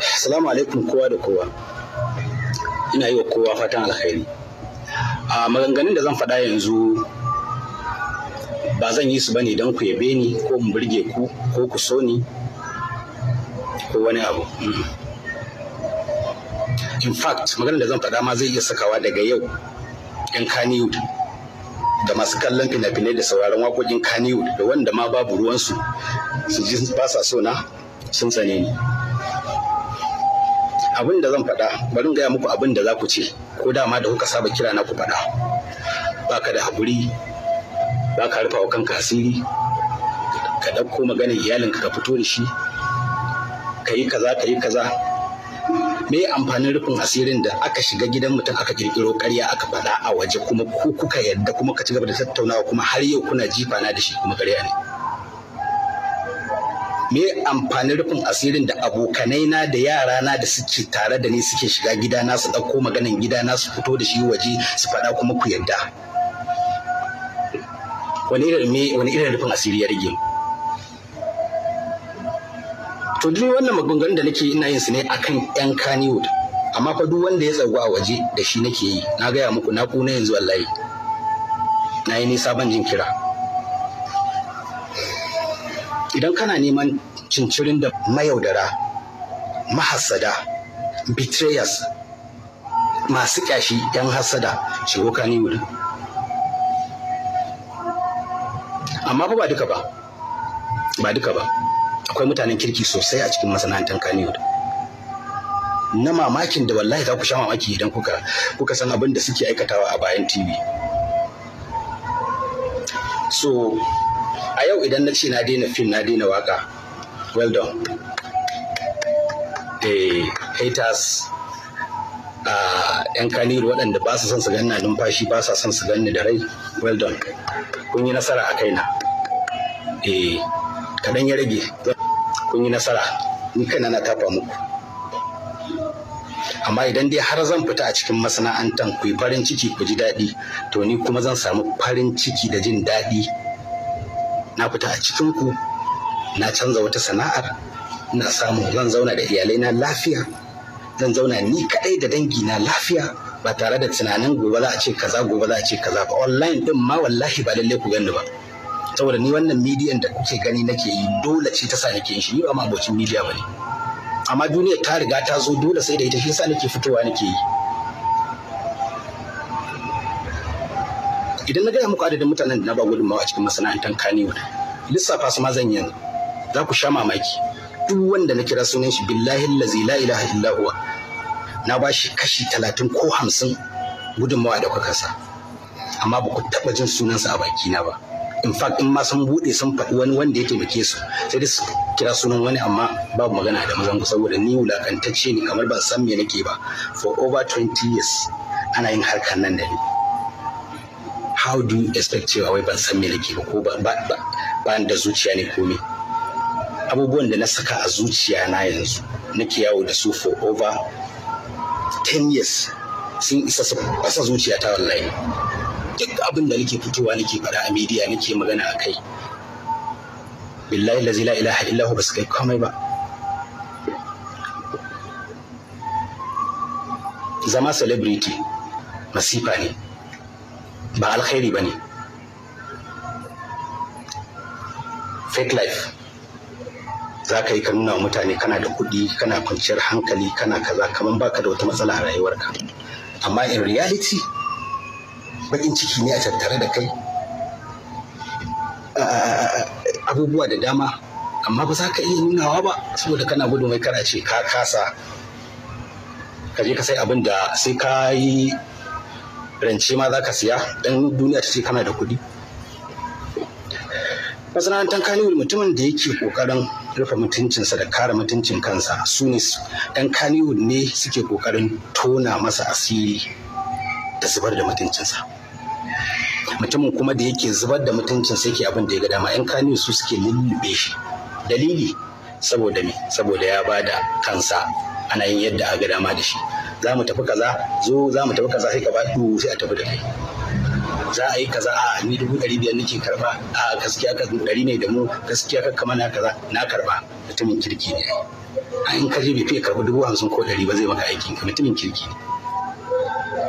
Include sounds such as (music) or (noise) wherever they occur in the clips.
Salamu alaikum kowa da kowa. Ina yi wa kowa fatan alkhairi. A maganganun da zan faɗa yanzu ba zan yi su bane don ku yabe ni ko mu burge ku ko ku so ni ko wani abu. Mm. In fact, maganar da zan faɗa ma zai iya sakawa daga yau ‘yan Kannywood da masu kallon fina-finai da sauraron waƙoƙin Kannywood da wanda ma babu ruwansu su ji ba sa so na sun tsane ni abin da zan faɗa bari gaya muku abin da za ku ce ko dama da kuka saba kira na ku faɗa ba ka da haƙuri ba ka rufa wa kanka asiri ka ɗauko maganar iyalinka ka fito da shi ka yi kaza ka yi kaza me amfanin rufin asirin da aka shiga gidan mutum aka kirkiro ƙarya aka faɗa a waje kuma ku kuka yarda kuma ka ci gaba da tattaunawa kuma har yau kuna jifa na da shi kuma ƙarya ne me amfanin rufin asirin da abokanai na da yara na da suke tare da ni suke shiga gida na su ɗauko maganin gida na su fito da shi waje su faɗa kuma ku yadda? wani irin rufin asiri ya rage to duk wannan maganganun da nake ina yin su ne akan yan kaniwood amma fa duk wanda ya tsagu a waje da shi nake yi na gaya muku na kuna yanzu wallahi na yi nisa ban jin kira idan kana neman cincirin da mayaudara mahassada betrayers masu kyashi yan hassada shigo kaniwood amma ba duka ba ba duka ba akwai mutanen kirki sosai a cikin masana'antar kaniwood na mamakin da wallahi za ku sha mamaki idan kuka kuka san abin da suke aikatawa a bayan tv so a yau idan na ce na daina fim na daina waka well done eh haters a ah, yan kaniru waɗanda ba su son su ganna numfashi ba su son su ganni da rai well done kun yi nasara a kaina eh kaɗan ya rage kun yi nasara ni kaina na tafa muku amma idan dai har zan fita a cikin masana'antar ku yi farin ciki ku ji daɗi to ni kuma zan samu farin ciki da jin daɗi na fita a cikin ku na canza wata sana'ar na samu zan zauna da iyalai na lafiya zan zauna ni kadai da dangi na lafiya ba tare da tunanin gobe za a ce kaza gobe za a ce kaza ba online din ma wallahi ba lalle ku gani ba saboda ni wannan midiyan da kuke gani nake yi dole ce ta sa nake shi ni ba ma abocin midiya bane amma duniya ta riga ta zo dole sai da ita shi yasa nake fitowa nake yi idan na gaya muku adadin mutanen da na ba gudunmawa a cikin masana'antar Kannywood lissafa su ma zan yi za ku sha mamaki duk wanda na kira sunan shi billahi lazi la ilaha na ba shi kashi talatin ko hamsin gudunmawa da kuka amma ba ku taɓa jin sunansa a baki na ba in fact in ma sun buɗe sun faɗi wani wanda ya taimake su sai dai su kira sunan wani amma babu magana da mazan ku saboda ni wulakantacce ne kamar ban san me nake ba for over 20 years ana yin harkar nan da ni how do you expect cewa wai ban san me nake ba ko ba da zuciya ne ko abubuwan da na saka a zuciya na yanzu nake yawo da su for over 10 years sun isa su fasa zuciya ta wallahi duk abin da nake fitowa nake faɗa a media nake magana a kai billahi la ilaha illahu ba su kai komai ba zama celebrity masifa ne ba alkhairi ba ne fake life za ka yi ka nuna mutane kana da kuɗi kana kwanciyar hankali kana kaza kamar baka da wata matsala a rayuwarka amma in reality baƙin ciki ne a tattare da kai abubuwa da dama amma ba za ka iya nunawa ba saboda kana gudun mai kara ce ka kasa kaje ka sai abin da sai ka yi rance ma za ka siya dan duniya ta ce kana da kuɗi masana'antar kaniwood mutumin da yake kokarin rufe mutuncinsa da kare mutuncin kansa su ne ɗan kaniwood ne suke kokarin tona masa asiri da zubar da mutuncinsa mutumin kuma da yake zubar da mutuncinsa yake abin da ya ga dama ɗan kaniwood su suke lullube shi dalili saboda me saboda ya bada kansa ana yin yadda a ga dama da shi za mu tafi kaza zo za mu tafi kaza sai ka ba sai a tafi da kai za a yi kaza a ni dubu ɗari biyar nake karba a gaskiya ka ɗari ne da mu gaskiya ka kama na kaza na karba mutumin kirki ne a in ka je bai fiye karba dubu hamsin ko ɗari ba zai maka aikin ka mutumin kirki ne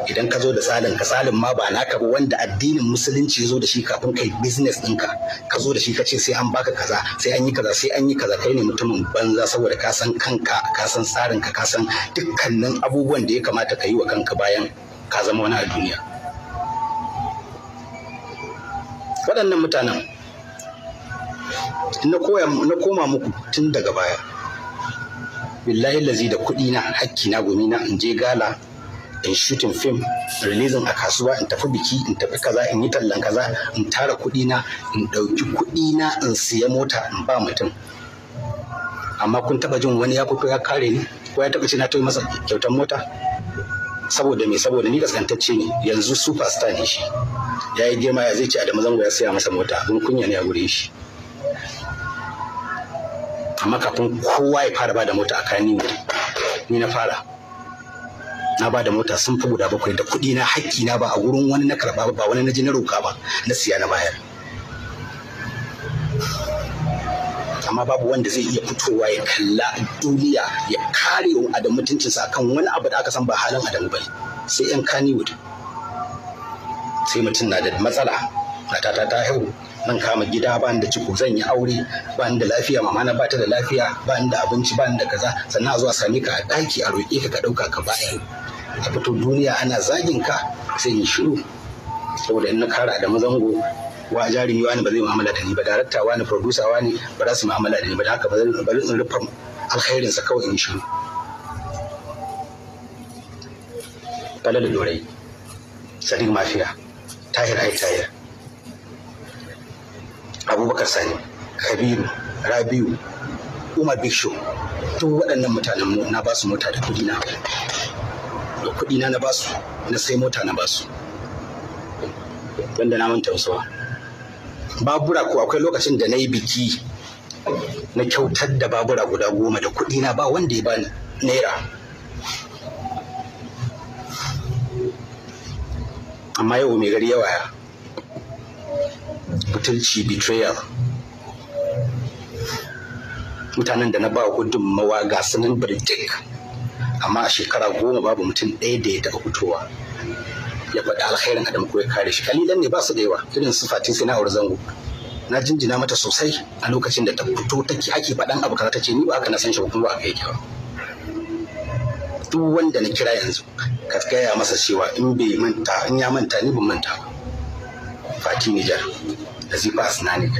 idan ka zo da salin ka ma ba naka ba wanda addinin musulunci ya zo da shi kafin kai business ɗinka ka zo da shi ka ce sai an baka kaza sai an yi kaza sai an yi kaza kai ne mutumin banza saboda ka san kanka ka san tsarin ka ka san dukkanin abubuwan da ya kamata ka yi wa kanka bayan ka zama wani a duniya waɗannan mutanen na koma muku tun daga baya billahi lazi da kuɗi na hakki na gumi na in je gala in shooting film releasing a kasuwa in tafi biki in tafi kaza in yi tallan kaza in tara kuɗi na in ɗauki kuɗi na in siya mota in ba mutum amma kun taba jin wani ya fito ya kare ni ko ya taba ce na masa kyautar mota saboda me saboda ni gaskantacce ne yanzu superstar ne shi ya yi girma ya zai ce Adamu Zango ya siya masa mota abin kunya ne a gure shi amma kafin kowa ya fara ba da mota a kayan ni na fara na bada mota sun fi guda bakwai da kuɗi na hakki na ba a wurin wani na karɓa ba wani na ji na roƙa ba na siya na bayar amma babu wanda zai iya fitowa ya kalla duniya ya kare wa adam mutuncinsa akan wani abu da aka san ba halin adam bane sai yan kaniwood sai mutum na da matsala mata ta ta haihu nan kama gida ba da ciko zan yi aure ba da lafiya mama na bata da lafiya ba da abinci ba da kaza sannan a zuwa sami ka a daki, a roƙe ka ka ɗauka ka bayan A fito duniya ana zagin ka sai in shiru saboda in na kara da mazango wa jarumi wani ba zai mu'amala da ni ba darakta wani producer wani ba za su mu'amala da ni ba da haka ba zan bari in rufa alkhairin sa kawai in shiru falal dorai sadiq mafiya tahir ai tahir abubakar sani kabiru rabiu umar big show duk waɗannan mutanen na ba su mota da kudi na kuɗi na na basu na sai mota na basu wanda na manta wasuwa babura ko akwai lokacin da na yi biki na kyautar da babura guda goma da kuɗi na ba wanda ya ba naira amma yau mai gari yawa ya butulci betrayal mutanen da na ba gudunmawa ga sunan birtik amma a shekara goma babu mutum ɗaya da ya taɓa fitowa ya faɗi alkhairin adam ko ya kare shi kalilan ne ba su da yawa irin su fatin sai na aure zango na jinjina mata sosai a lokacin da ta fito take ake faɗan abu kaza ta ce ni ba haka na san shi ba kuma ba aka yake ba duk wanda na kira yanzu ka gaya masa cewa in bai manta in ya manta ni ban manta ba fati nijar azifa asnanik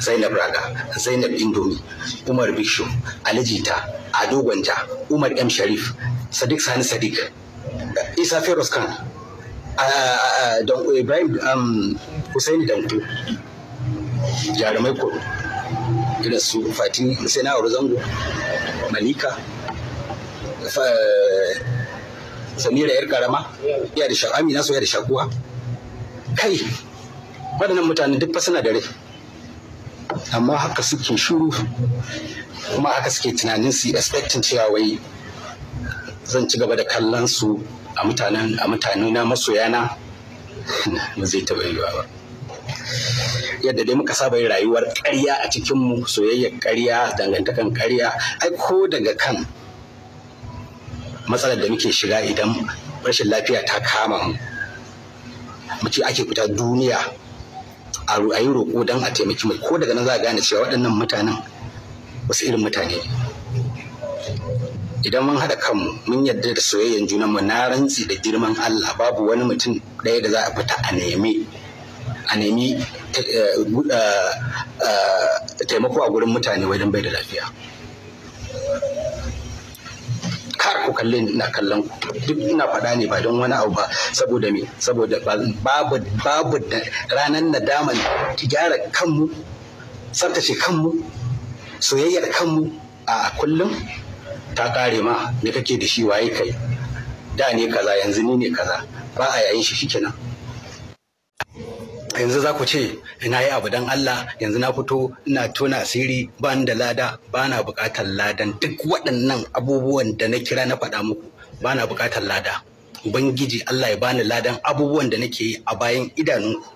zainab raga zainab indomi umar bishu alijita Ado Gwanja, Umar M Sharif, Sadiq Sani Sadiq, Isa Feroz Khan, Ibrahim um, Hussaini Danko, Jarumai Koro, irin su Fatin Sena Zango, Malika, Samira Yar Karama, Amina da Shakami nasu iya da Shakuwa. Kai, waɗannan mutane duk fa suna da rai. Amma haka suke shuru kuma haka suke tunanin su expecting cewa wai zan ci gaba da kallon su a mutanen a mutane na masoyana (laughs) ba zai taɓa yiwa ba yadda dai muka saba yin rayuwar ƙarya a cikin mu soyayyar ƙarya dangantakan ƙarya ai ko daga kan matsalar da muke shiga idan rashin lafiya ta kama mu mutum ake fita duniya a yi roƙo don a taimaki mai ko daga nan za a gane cewa waɗannan mutanen wasu irin mutane idan mun haɗa kanmu mun yarda da soyayyen junanmu na rantsi da girman Allah babu wani mutum ɗaya da za a fita a nemi a nemi eh, eh, eh, taimako a gurin mutane wajen bai da lafiya kar ku kalle ina kallon ku duk ina faɗa ne ba don wani abu ba saboda me saboda babu babu ranar nadaman ki gyara kanmu tsaftace kanmu soyayyar kanmu a kullum ta kare ma da kake da shi waye kai da ne kaza yanzu ni ne kaza ba a yayin shi shikenan yanzu za ku ce ina yi abu don Allah yanzu na fito ina tona asiri ba da lada ba na buƙatar ladan duk waɗannan abubuwan da na kira na faɗa muku ba na buƙatar lada ubangiji Allah ya bani ladan abubuwan da nake yi a bayan idanunku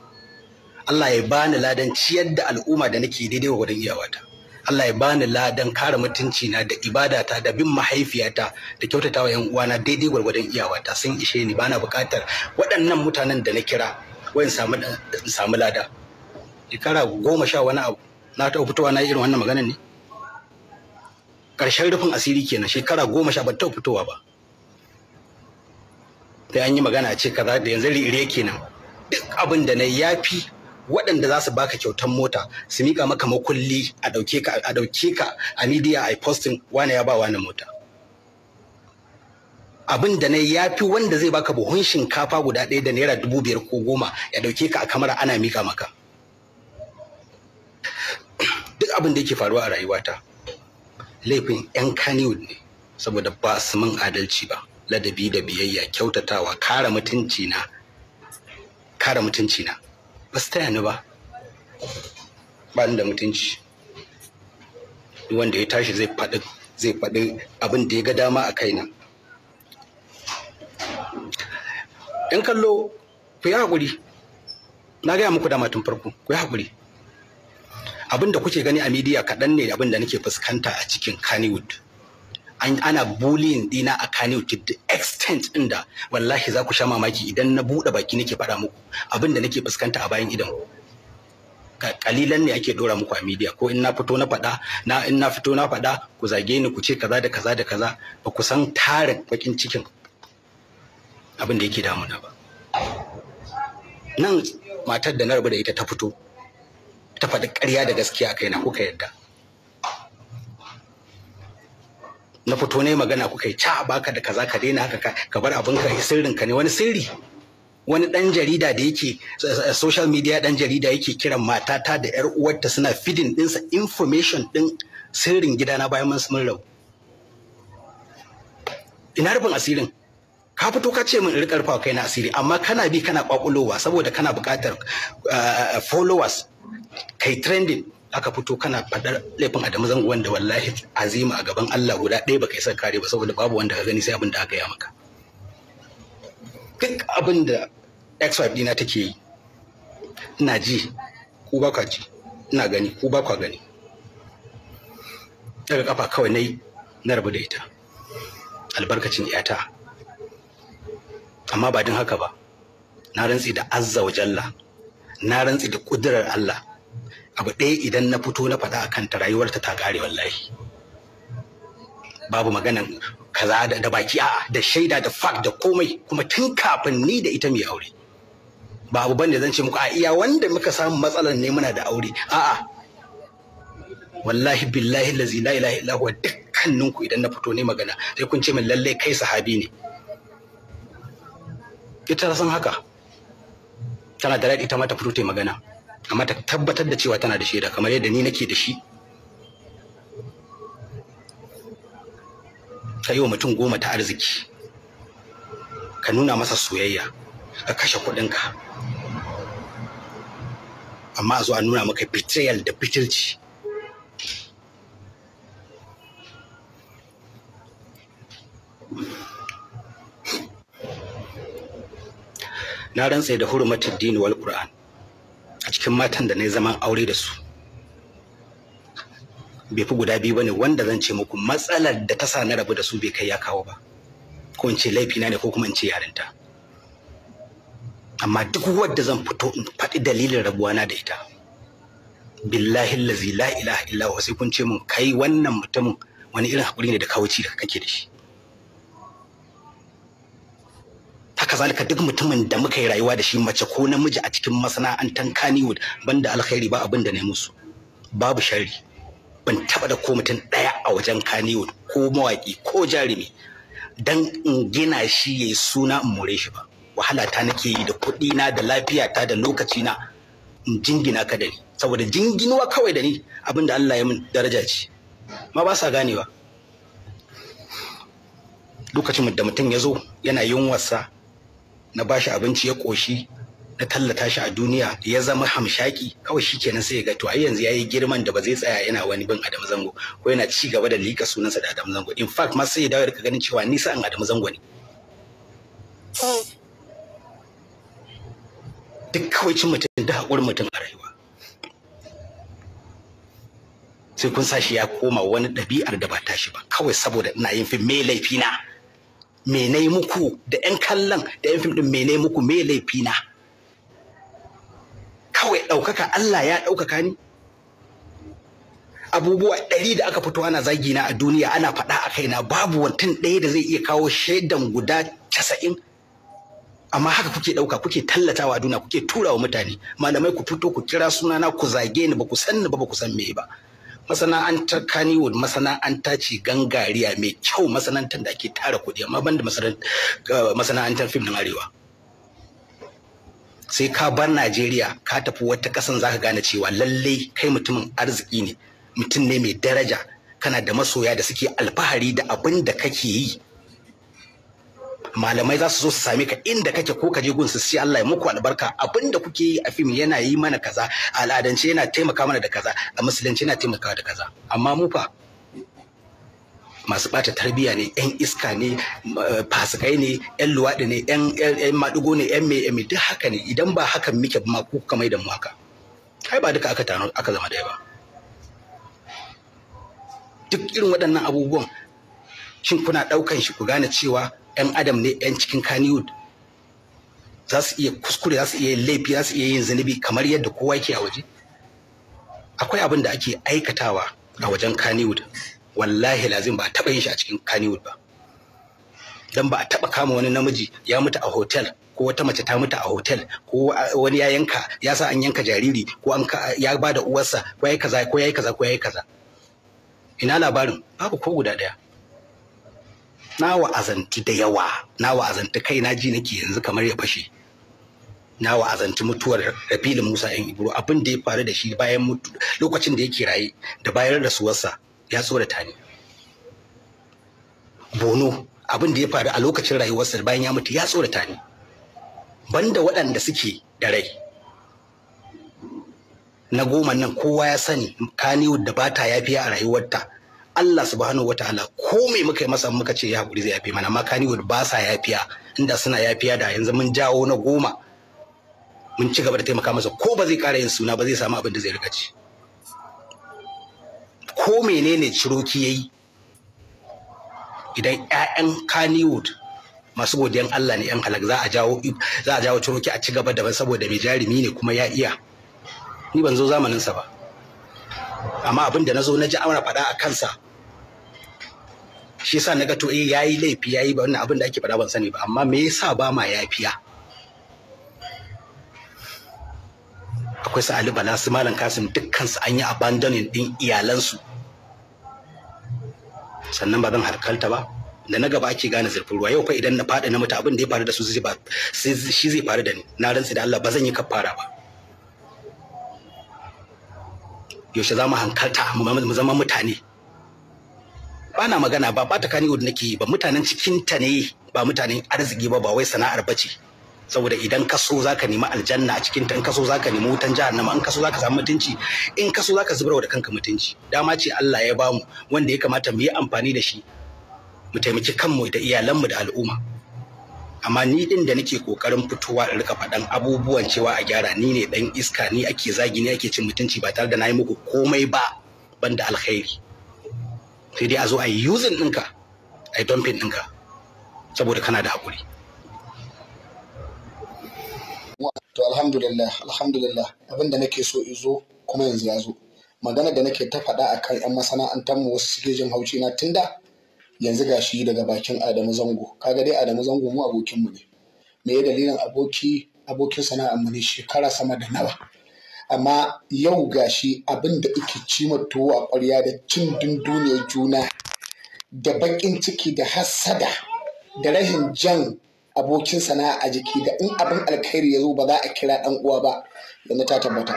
Allah ya bani ladan ciyar da al'umma da nake daidai wa gudun iyawata Allah ya bani ladan kare mutunci na da ibadata da bin mahaifiyata da kyautatawa yan uwana daidai gwargwadon iyawata sun ishe ni bana buƙatar waɗannan mutanen da na kira wayan samu samu lada shekara goma sha wani abu na ta fitowa na irin wannan maganar ne ƙarshen rufin asiri kenan shekara goma sha ban ta fitowa ba sai an yi magana a ce kaza da yanzu ri'ire kenan duk abin da na yafi waɗanda za su baka kyautan mota su mika maka makulli a ɗauke ka a midiya a media posting wane ya ba wani mota abin da na ya fi wanda zai baka buhun shinkafa guda ɗaya da naira dubu biyar ko goma ya ɗauke ka a kamara ana mika maka duk abin da yake faruwa a rayuwata laifin 'yan kaniwood ne saboda ba su min adalci ba ladabi da biyayya kyautatawa kare mutunci kare mutunci na ba su taya ni ba ba da mutunci wanda ya tashi zai faɗi zai faɗi abin da ya ga dama a kaina in kallo ku yi haƙuri na gaya muku dama tun farko ku yi haƙuri abin da kuke gani a midiya kaɗan ne abin da nake fuskanta a cikin kannywood ana bullying dina a Kano to the extent inda da wallahi za ku sha mamaki idan na buɗe baki nake faɗa muku abin da nake fuskanta a bayan idan kalilan ne ake dora muku a media ko in na fito na faɗa na in na fito na faɗa ku zage ni ku ce kaza da kaza da kaza ba ku san tarin bakin cikin abin da yake damuna ba nan matar da na rabu da ita ta fito ta faɗi ƙarya da gaskiya a kaina ka yadda na fito ne magana kuka yi ca baka da kaza ka daina haka ka bar abin ka sirrin ka ne wani sirri wani dan jarida da yake eh, social media dan jarida yake kiran matata da yar uwarta suna feeding dinsa information din sirrin gidana bayan mun mun rabu ina rufin asirin ka fito ka ce min rika rufa kai na asiri amma kana bi kana kwakulowa saboda kana buƙatar eh, followers kai trending aka fito kana faɗar laifin Adamu Zango wanda wallahi azima a gaban Allah guda ɗaya baka isa kare ba saboda babu wanda ka gani sai abin da aka yi maka duk abin da ex-wife dina take yi ina ji ku ba kwa ji ina gani ku ba kwa gani daga kafa kawai na yi na rabu da ita albarkacin yata amma ba din haka ba na rantsi da azza wa jalla na rantsi da kudurar Allah abu ɗaya idan na fito na faɗa a kanta rayuwarta ta ƙare wallahi babu maganan kaza da baki a'a da shaida da fak da komai kuma tun kafin ni da ita mai aure ba ne bane zan ce muku a iya wanda muka samu matsalar ne muna da aure a'a wallahi billahi lazi la ilaha illa huwa dukkanin idan na fito ne magana sai kun ce min lalle kai sahabi ne ita san haka tana da ita ma ta fito ta magana amma ta tabbatar da cewa tana da shaida kamar yadda ni nake da shi ka yi wa mutum goma ta arziki ka nuna masa soyayya ka kashe kuɗinka amma a zo a nuna maka betrayal da fitilci na rantse da hurumatin dini wal qur'an a cikin matan da na yi zaman aure da su bai fi guda biyu bane wanda zan ce muku matsalar da ta sa na rabu da su bai kai ya kawo ba ko in ce laifina ne ko kuma in ce yarinta amma duk wadda zan fito in faɗi dalilin rabuwa na da ita billahi lazi la ilaha illa sai kun ce mun kai wannan mutumin wani irin hakuri ne da kawuci da kake da shi kazalika duk mutumin da muka yi rayuwa da shi mace ko namiji a cikin masana'antar Kannywood banda alkhairi ba abin da na musu babu shari. ban taba da ko mutum daya a wajen Kannywood ko mawaki ko jarumi dan in gina shi yayi suna in more shi ba wahala ta nake yi da kuɗi na da lafiya ta da lokaci na in jingina ka da ni saboda jinginuwa kawai da ni abin da Allah ya min daraja ce ma ba sa ganewa lokacin da mutum ya zo yana wasa. na bashi abinci ya koshi na tallata shi a duniya ya zama hamshaki kawai shi kenan sai ya ga to ai yanzu yayi girman da ba zai tsaya yana wani bin Adam Zango ko yana ci gaba da lika sunansa da Adam Zango in fact ma sai ya dawo da ganin cewa ni sa'an Adam Zango ne duk kawai cin mutum da haƙurin mutum a rayuwa sai kun sa shi ya koma wani ɗabi'ar da ba ta shi ba kawai saboda ina yin fi mai laifina me na muku da 'yan kallon da 'yan fim ɗin me na muku me laifi na kawai ɗaukaka Allah ya ɗaukaka ni abubuwa ɗari da aka fito ana zagi na a duniya ana faɗa a kaina babu wantin ɗaya da zai iya kawo shaidan guda casa'in amma haka kuke ɗauka kuke tallatawa a duniya kuke turawa mutane malamai ku fito ku kira sunana ku zage ni ba ku san ni ba ba ku san me ba masana'antar Kannywood masana'anta ce gangariya mai kyau masana'antar da ake tara kuɗi amma ban da masana'antar fim din arewa sai ka bar Najeriya ka tafi wata ƙasan zaka gane cewa lallai kai mutumin arziki ne mutum ne mai daraja kana da masoya da suke alfahari da abin da kake yi malamai za su zo su same ka inda kake ko ka je gun su sai Allah ya muku albarka abinda kuke yi a fim yana yi mana kaza al'adance yana taimaka mana da kaza a musulunci yana taimaka da kaza amma mu fa masu bata tarbiya ne yan iska ne eh, fasikai ne yan luwaɗi ne yan maɗugo ne yan mai mai duk haka ne idan ba hakan muke ma ku kamar da mu haka ai ba duka aka tano aka zama daya ba duk irin waɗannan abubuwan shin kuna ɗaukan shi ku gane cewa 'yan adam ne 'yan cikin kaniwood za su iya kuskure za su iya laifi za su iya yin zunubi kamar yadda kowa yake a waje akwai abin da ake aikatawa a wajen kaniwood wallahi lazim ba a taɓa yin shi a cikin kaniwood ba don ba a taɓa kama wani namiji ya mutu a hotel ko wata mace ta mutu a hotel ko wani ya yanka ya sa an yanka jariri ko an ya ba da uwarsa ko ya yi kaza ko ya yi kaza ko ya yi kaza ina labarin babu ko guda ɗaya. na wa'azanti da yawa na wa'azanti kai na ji nake yanzu kamar ya fashe na wa'azanti mutuwar rafilin musa yan ibro abin da ya faru da shi bayan mutu lokacin da yake raye da bayar da suwarsa ya tsorata ni bono abin da ya faru a lokacin rayuwarsa bayan ya mutu ya tsorata ni banda waɗanda suke da rai na goma nan kowa ya sani kaniwood da bata yafiya a rayuwarta Allah subhanahu wataala ko me muka yi masa muka ce ya haƙuri zai yafe mana amma Kannywood ba sa yafiya inda suna yafiya da yanzu mun jawo na goma mun ci gaba da taimaka masa ko ba zai ƙara yin suna ba zai samu abin da zai rika ci ko menene ciroki yayi idan ƴaƴan Kannywood masu godiyan Allah ne ƴan halak za a jawo za a jawo ciroki a ci gaba da saboda mai jarumi ne kuma ya iya ni ban zo zamaninsa ba amma abin da na zo na ji amara faɗa a kansa shi sa na ga to eh yayi laifi yayi ba wannan abin da ake faɗa ban sani ba amma me yasa ba ma yafiya akwai su Ali Bala su Malam Kasim dukkan su an yi abandoning din iyalansu sannan ba zan harkalta ba da na gaba ake gane zurfin ruwa yau kai idan na faɗi na mutu abin da ya faru da su zai shi zai faru da ni na rantsi da Allah ba zan yi kafara ba yaushe za mu hankalta mu zama mutane ba na magana ba ba ta kani wadda nake ba mutanen cikinta ne ba mutanen arziki ba ba wai sana'ar bace saboda idan ka so zaka nemi aljanna a cikin ta in ka so zaka nemi wutan jahannama in ka so zaka samu mutunci in ka so zaka zubarwa da kanka mutunci dama ce Allah ya bamu wanda ya kamata mu yi amfani da shi mu taimaki kanmu da iyalanmu da al'umma amma ni din da nake kokarin fitowa in rika faɗan abubuwan cewa a gyara ni ne dan iska ni ake zagi ni ake cin mutunci ba tare da na yi muku komai ba banda alkhairi sai dai a zo a yi using ɗinka a yi dumping ɗinka saboda kana da haƙuri. to alhamdulillah alhamdulillah abin da nake so izo kuma yanzu ya zo magana da nake ta faɗa akan 'yan masana'antar mu wasu suke jin hauci na tunda yanzu ga shi daga bakin Adamu Zango kaga dai Adamu Zango mu abokinmu ne me ya dalilin aboki abokin sana'ar mu ne shekara sama da nawa amma yau ga shi abin da ike cima tuwo a ƙwarya da cin dunduniyar juna da baƙin ciki da hassada da rahin jan abokin sana'a a jiki da in abin alkhairi ya zo ba za a kira ɗan uwa ba yanzu ta tabbata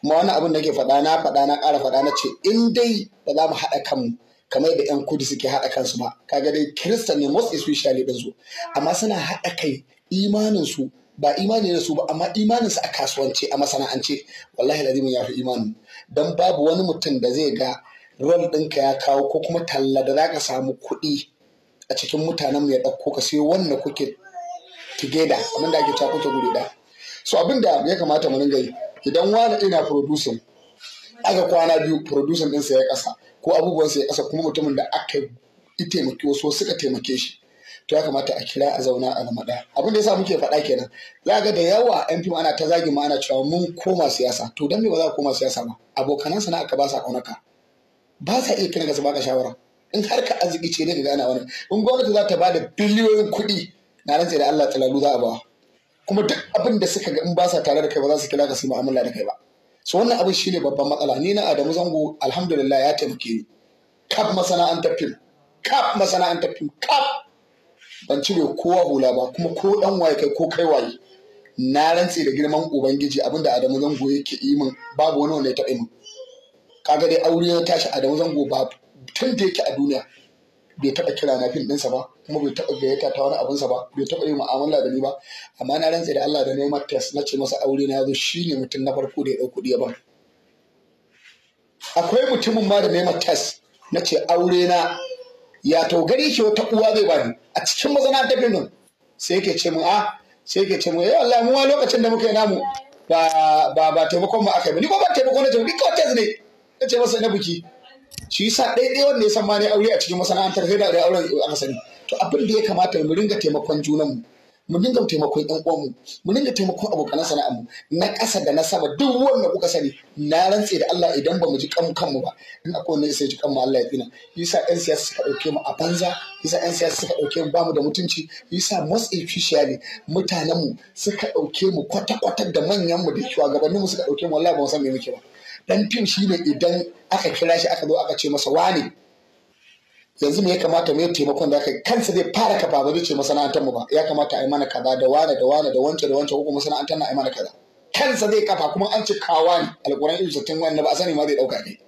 kuma wani abin da ke faɗa na faɗa na ƙara faɗa na ce in dai ba za mu haɗa kanmu kamar da yan kudu suke haɗa kansu ba kaga dai kirista ne most especially din su amma suna haɗa kai imanin su ba imani na su ba amma imanin su a kasuwanci a masana'ance wallahi lazimin ya fi imanin dan babu wani mutum da zai ga rol ɗinka ya kawo ko kuma talla da zaka samu kuɗi a cikin mutanen mu ya ɗauko ka sai wanda kuke tigeda abin da ake ta kuke guri da. so abin ya kamata mu ringa yi idan wani ina producing aka kwana biyu producing ɗinsa ya ƙasa ko abubuwan sai ƙasa kuma mutumin da aka yi taimaki wasu suka taimake shi to ya kamata a kira a zauna a zama abin da ya sa muke faɗa kenan za ga da yawa yan fim ana ta zagi ma ana cewa mun koma siyasa to dan me ba za ka koma siyasa ba abokanan sana'a ka ba sa ka? ba sa iya kira ka su baka shawara in har ka arziki ce ne ka gana wani in gwamnati za ta ba da biliyoyin kuɗi na rantse da Allah talalu za a bawa kuma duk abin da suka ga in ba sa tare da kai ba za su kira ka su mu'amala da kai ba so wannan abin shine babban matsala ni na Adamu Zango alhamdulillah ya taimake ni kaf masana'antar fim kaf masana'antar fim kaf ban cire kowa hula ba kuma ko dan waye kai ko kai waye na rantse da girman ubangiji abinda Adamu Zango yake yi min babu wani wanda ya taɓa min kaga dai aure ya tashi Adamu Zango ba tun da yake a duniya bai taɓa kira na fim ɗinsa ba kuma bai taɓa gayyata ta wani abinsa ba bai taɓa yi mu'amala da ni ba amma na rantse da Allah da neman test na ce masa aure na yazo shine mutum na farko da ya ɗau kuɗi ya bar. akwai mutumin ma da neman test na ce aure na ya to gari shi wata uwa zai bani a cikin mazana dafin nan sai yake ce mu a sai yake ce mu eh wallahi mu lokacin da muka yi namu ba ba ba taimakon mu akai yi ba ni ba ba taimakon na ce ni kawai test ne na ce masa na buki shi yasa ɗaiɗai wanda ya san ma ne aure a cikin masana'antar sai da aure auren aka sani to abin da ya kamata mu ringa taimakon junanmu mu dinga taimakon ɗan uwanmu mu dinga taimakon abokan sana'armu na ƙasa da na sama duk wanda kuka sani na rantse da Allah idan ba mu ji kan kanmu ba in akwai wanda sai ji mu Allah ya tsina yasa ƴan siyasa suka ɗauke mu a banza yasa ƴan siyasa suka ɗauke mu bamu da mutunci yasa most efficiently mutanenmu suka ɗauke mu kwata-kwata da manyanmu da shugabanninmu suka ɗauke mu wallahi ba mu san me muke ba dan fim ne idan aka kira shi aka zo aka ce masa wane yanzu me ya kamata mu yi taimakon da aka kansa zai fara kafa ba zai ce masana'antar mu ba ya kamata a yi mana kaza da wane da wane da wance da wance ko masana'antar na a yi mana kaza kansa zai kafa kuma an ci kawa ne alƙur'an ilu sattin wannan ba a sani ma zai ɗauka ne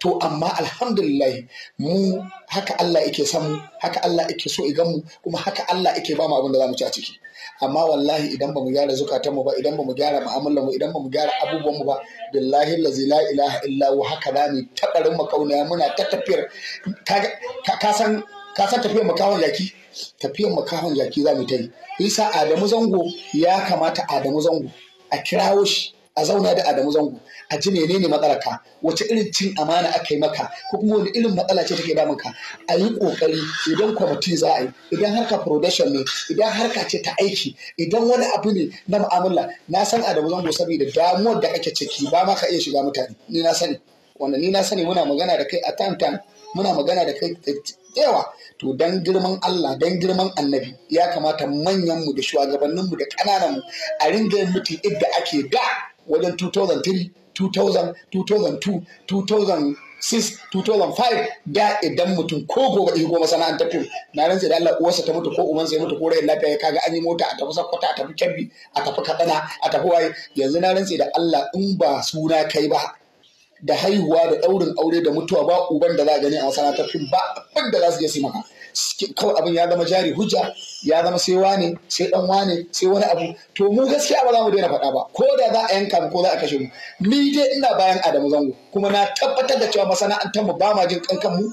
to amma alhamdulillah mu haka Allah yake san mu haka Allah yake so igan mu kuma haka Allah yake ba mu abin da za mu ci a ciki amma wallahi idan bamu gyara zukatan mu ba idan bamu gyara mu'amalar mu idan bamu gyara abubuwan mu ba billahi allazi la ilaha illa hu haka da mu tabarin muna ta tafiyar ka san ka san tafiyar makahon yaki tafiyar kawon yaki za mu ta yi isa adamu zango ya kamata adamu zango a kirawo shi a zauna da Adamu Zango a ji ne matsalar ka wace irin cin amana aka yi maka ko kuma wani irin matsala ce take damun ka a yi kokari idan kwamiti za a yi idan harka production ne idan harka ce ta aiki idan wani abu ne na mu'amala na san Adamu Zango saboda damuwar da kake ciki ba ma ka iya shiga mutane ni na sani wanda ni na sani muna magana da kai a tan tan muna magana da kai yawa to dan girman Allah dan girman annabi ya kamata manyanmu da shugabanninmu da ƙanananmu a ringa yin mutum idda ake da wajen 2003 2000 2002 2006 2005 da idan mutum ko gobe ko masana'antar fim na rantse da Allah uwarsa ta mutu ko umansa sai mutu ko rayin lafiya ya kaga an yi mota a tafi sakkwata a tafi kyabbi a tafi kaɗana a tafi waye yanzu na rantse da Allah in ba suna kai ba da haihuwa da ɗaurin aure da mutuwa ba uban da za gani a masana'antar ba abin da za su je su maka kawai abin ya zama jari hujja ya zama sai wane sai dan wane sai wani abu to mu gaskiya ba za mu daina faɗa ba ko da za a yanka mu ko za a kashe mu ni dai ina bayan Adamu Zango kuma na tabbatar da cewa masana'antar mu ba ma jin kankan mu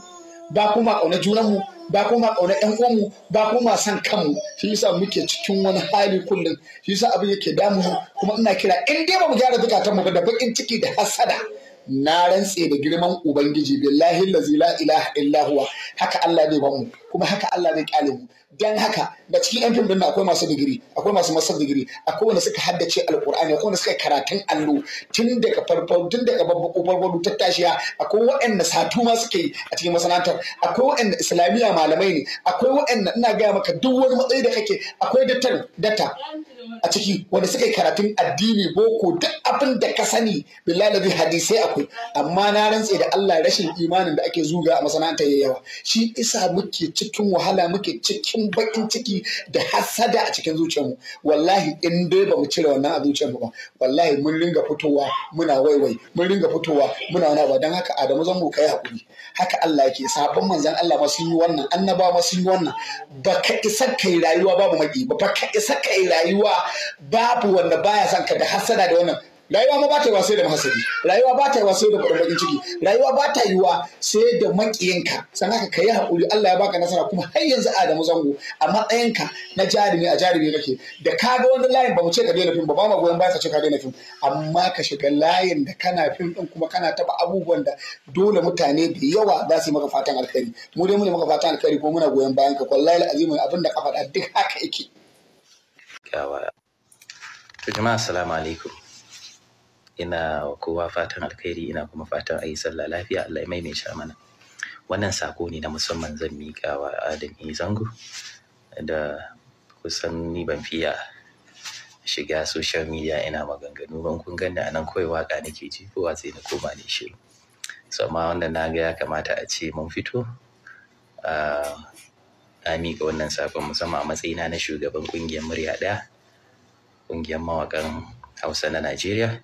ba kuma kauna junan mu ba kuma kauna yan uwan mu ba kuma san kanmu shi yasa muke cikin wani hali kullum shi yasa abin yake damu kuma ina kira in dai ba mu gyara zukatan mu ba da bakin ciki da hasada na rantse da girman ubangiji billahi allazi la ilaha illa huwa haka Allah zai bamu kuma haka Allah zai kyale mu dan haka da cikin yan fim din akwai masu digiri akwai masu master digiri akwai wanda suka haddace alqur'ani akwai wanda suka karatun allo tun daga farfar tun daga babban farfar ta tashiya akwai waɗanda satu ma suke yi a cikin masana'antar akwai waɗanda islamiyya malamai ne akwai waɗanda ina gaya maka duk wani matsayi da kake akwai datar data a ciki wanda suka yi karatun addini boko duk abin da ka sani billahi hadisai akwai kafin amma na rantse da Allah rashin imanin da ake zuga a masana'anta ya yawa shi isa muke cikin wahala muke cikin bakin ciki da hasada a cikin zuciyarmu wallahi in dai ba mu cire wannan a zuciyarmu ba wallahi mun ringa fitowa muna waiwai mun ringa fitowa muna wani abu don haka Adamu zan mu kai hakuri haka Allah yake sabon manzon Allah ma sun yi wannan annabawa ma sun yi wannan baka isa kai rayuwa babu maki ba baka isa kai rayuwa babu wanda baya son ka da hasada da wannan rayuwa ma ba ta yiwa sai da mahasadi rayuwa ba ta yiwa sai da bakin ciki rayuwa ba ta yiwa sai da makiyinka san haka kai hakuri Allah ya baka nasara kuma har yanzu Adamu zango a matsayinka na jarumi a jarumi kake da ka ga wani layin ba mu ce ka daina fim ba ba ma goyon ba ce ka daina fim amma ka shiga layin da kana fim din kuma kana taba abubuwan da dole mutane da yawa za su yi maka fatan alkhairi mu dai muna maka fatan alkhairi kuma muna goyon bayan ka wallahi azimin abin da ka duk haka yake to jama'a assalamu alaikum ina kowa fatan alkhairi ina kuma fatan ayi sallah lafiya Allah ya sha mana wannan sako ne na musamman zan mika wa Adam e. Zango da kusan ni ban fiya shiga social media ina maganganu ban kun anan kawai waka nake ji kowa sai na koma ne shiru so amma wanda na ga ya kamata a ce mun fito a mika wannan sakon musamman a matsayina na shugaban kungiyar murya ɗaya kungiyar mawakan Hausa na Najeriya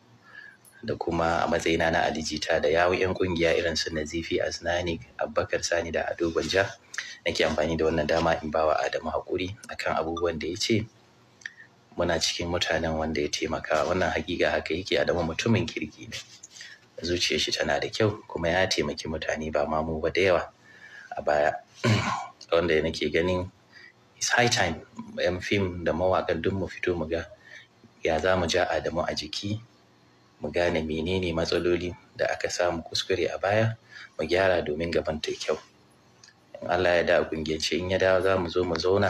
da kuma a matsayina na alijita da yawo 'yan ƙungiya irin su nazifi asnani abubakar sani da ado gwanja nake amfani da wannan dama in bawa adamu haƙuri akan abubuwan da ya ce muna cikin mutanen wanda ya taimaka wannan hakika haka yake adamu mutumin kirki ne zuciyar shi tana da kyau kuma ya taimaki mutane ba ma mu ba da yawa a baya (clears throat) wanda nake ganin it's high time yan fim da mawaƙan duk mu fito mu ga ya za mu ja adamu a jiki mu gane menene matsaloli da aka samu kuskure a baya mu gyara domin gaban ta kyau in Allah ya da a kungiyance in ya dawo za mu zo mu zauna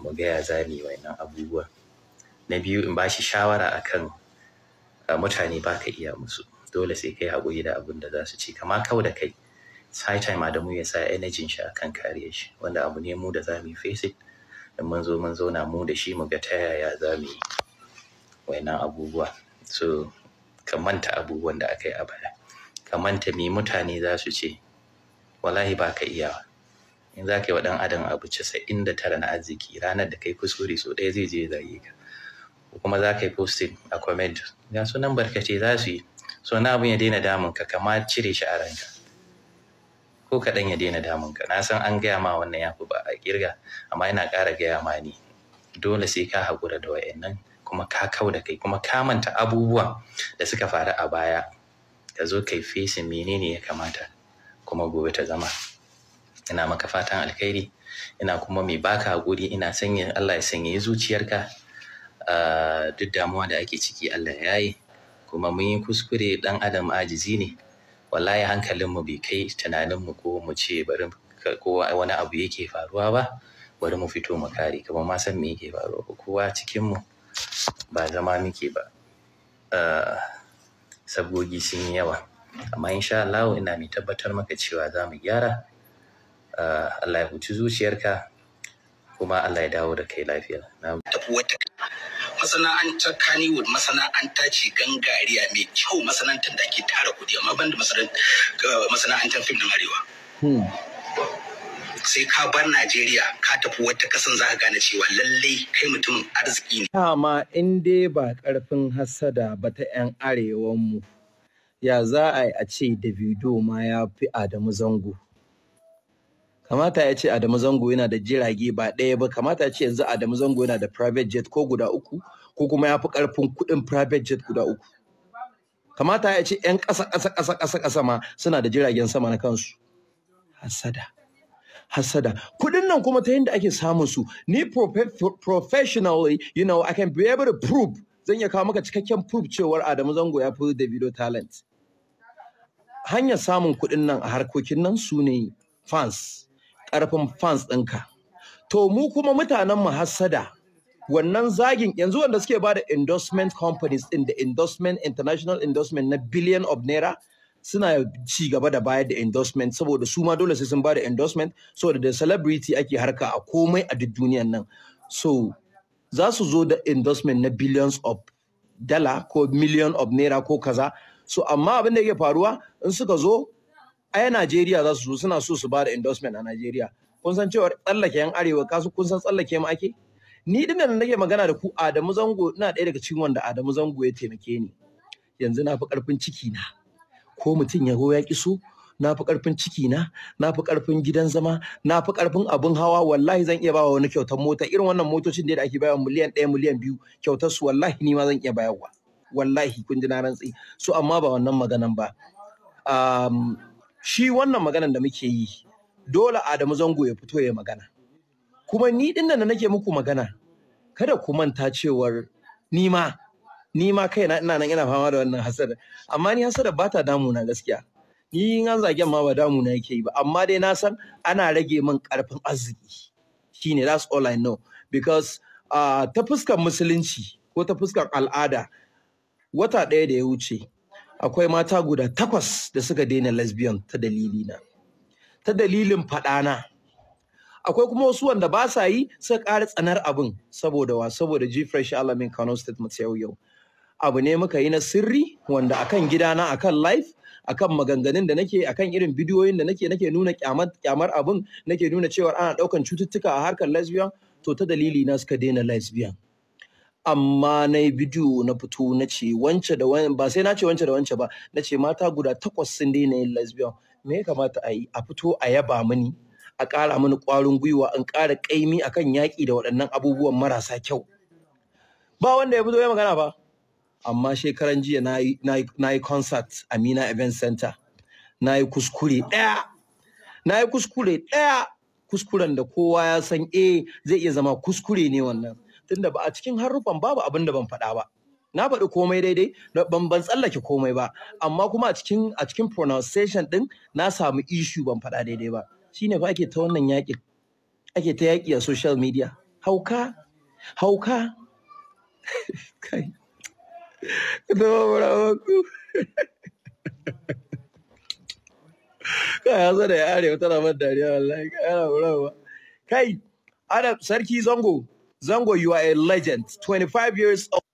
mu gaya za mu yi wannan abubuwa na biyu in ba shi shawara akan mutane ba ka iya musu dole sai kai haƙuri da abin da za su ci kama kau da kai sai time Adamu ya sa energy shi akan kare shi wanda abu ne mu da za mu face it In mun zo mun zauna mu da shi mu ga ta yaya za mu yi wannan abubuwa so ka manta abubuwan da aka yi a baya ka manta me mutane za su ce wallahi ba ka iya in za ka yi wa ɗan adam abu casa'in da tara na arziki ranar da kai kuskure so ɗaya zai je zage ka kuma za ka yi posting a comment ga sunan barkace za su yi so na abin ya daina damun ka kama cire shi a ranka ko kaɗan ya daina damun ka na san an gaya ma wannan ya fi ba a kirga amma yana ƙara gaya ma ni dole sai ka haƙura da wayannan kuma ka kau da kai kuma ka manta abubuwan da suka faru a baya ka zo kai fesin menene ya kamata kuma gobe ta zama ina maka fatan alkhairi ina kuma mai baka hakuri ina sanya Allah ya sanya zuciyarka ah, duk damuwa da ake ciki Allah ya yi kuma mun yi kuskure dan adam ajizi ne wallahi hankalinmu bai kai tunaninmu ko mu ce bari ko wani abu yake faruwa ba bari mu fito mu kare kuma ma san me yake faruwa kowa cikin mu ba zama nake ba ah, sabgogi sun yi yawa amma insha Allah ina mai tabbatar maka cewa za mu gyara ah, Allah ya huci zuciyarka kuma Allah ya dawo da kai lafiya masana'antar Kannywood masana'anta ce gangariya mai kyau masana'antar da ke tara kudi amma ban da ah, masana'antar fim na marewa hmm. sai ka bar Najeriya ka tafi wata kasan za ka gane cewa lallai kai mutumin arziki ne. Kama in dai ba ƙarfin hasada ba ta 'yan arewanmu ya za a yi a ce Davido ma ya fi Adamu Zango. Kamata ya ce Adamu Zango yana da jirage ba ɗaya ba, kamata ya ce yanzu Adamu Zango yana da private jet ko guda uku, ko kuma ya fi ƙarfin kuɗin private jet guda uku. Kamata ya ce ‘yan ƙasa ƙasa ƙasa ƙasa ma suna da jiragen sama na kansu. hasada. hasada kudin nan kuma ta yadda ake samun su ni professionally you know i can be able to prove zan iya kawo maka cikakken proof cewar Adamu Zango ya fi video talent hanyar samun kudin nan a harkokin nan su ne fans karfin fans ɗinka to mu kuma mutanen mu hasada wannan zagin yanzu wanda suke ba da endorsement companies din the endorsement international endorsement na billion of naira suna ci gaba da bayar da endorsement saboda su ma dole sai sun ba da endorsement saboda da celebrity ake harka a komai a duk duniyan nan so za su zo da endorsement na billions of dala ko million of naira ko kaza so amma abin da yake faruwa in suka zo ai Najeriya za su zo suna so su ba da endorsement a Najeriya kun san cewa tsallake yan arewa kasu kun san tsallake ma ake ni din nan nake magana da ku Adamu Zango ina ɗaya daga cikin wanda Adamu Zango ya taimake ni yanzu na fi karfin ciki na ko mutum ya ya ƙi su na fi ƙarfin ciki na na fi ƙarfin gidan zama na fi ƙarfin abin hawa wallahi zan iya bawa wani kyautar mota irin wannan motocin da ake bawa miliyan ɗaya miliyan biyu kyautar su wallahi ni ma zan iya bayarwa wallahi kun ji na rantsi so amma ba wannan maganan ba shi wannan maganan da muke yi dole Adamu Zango ya fito ya magana kuma ni dinnan da nake muku magana kada ku manta cewar ni ma ni ma kai na ina nan ina fama da wannan hasada amma ni hasada ba ta na gaskiya ni an zagen ma ba damu na yake yi ba amma dai na san ana rage min karfin arziki shine that's all i know because uh, ta fuskar musulunci ko ta fuskar al'ada wata ɗaya da ya wuce akwai mata guda takwas da suka daina lesbian ta dalili na, ta dalilin faɗana akwai kuma wasu wanda ba sa yi suka ƙara tsanar abin saboda wa saboda G fresh alamin kano state yau yau abu ne muka yi na sirri wanda akan gidana akan live akan maganganun da nake akan irin bidiyoyin da nake nake nuna kyamar abin nake nuna cewa ana daukan cututtuka a harkar lesbian to ta dalili na suka daina lesbian amma na yi bidiyo na fito na ce wance da wance ba sai na ce wance da wance ba na ce mata guda takwas sun daina yin lesbian me ya kamata a yi a fito a yaba mini a ƙara mini ƙwarin gwiwa in ƙara ƙaimi akan yaƙi da waɗannan abubuwan marasa kyau ba wanda ya fito ya magana ba amma shekaran jiya na yi concert Amina Event Center na yi kuskure ɗaya na yi kuskure ɗaya kuskuren da kowa ya san e zai iya zama kuskure ne wannan tunda ba a cikin harufan babu abin da ban faɗa ba na faɗi komai daidai ban ban tsallake komai ba amma kuma a cikin a cikin pronunciation ɗin na samu issue ban faɗa daidai ba Shi ne fa ake ta wannan yaƙi ake ta yaƙi a social media hauka hauka (laughs) kai Toma bravo Kai ya ya arewa tana ban dariya wallahi. Kai bravo. Kai, Sarki Zango. Zango, you are a legend. 25 years old.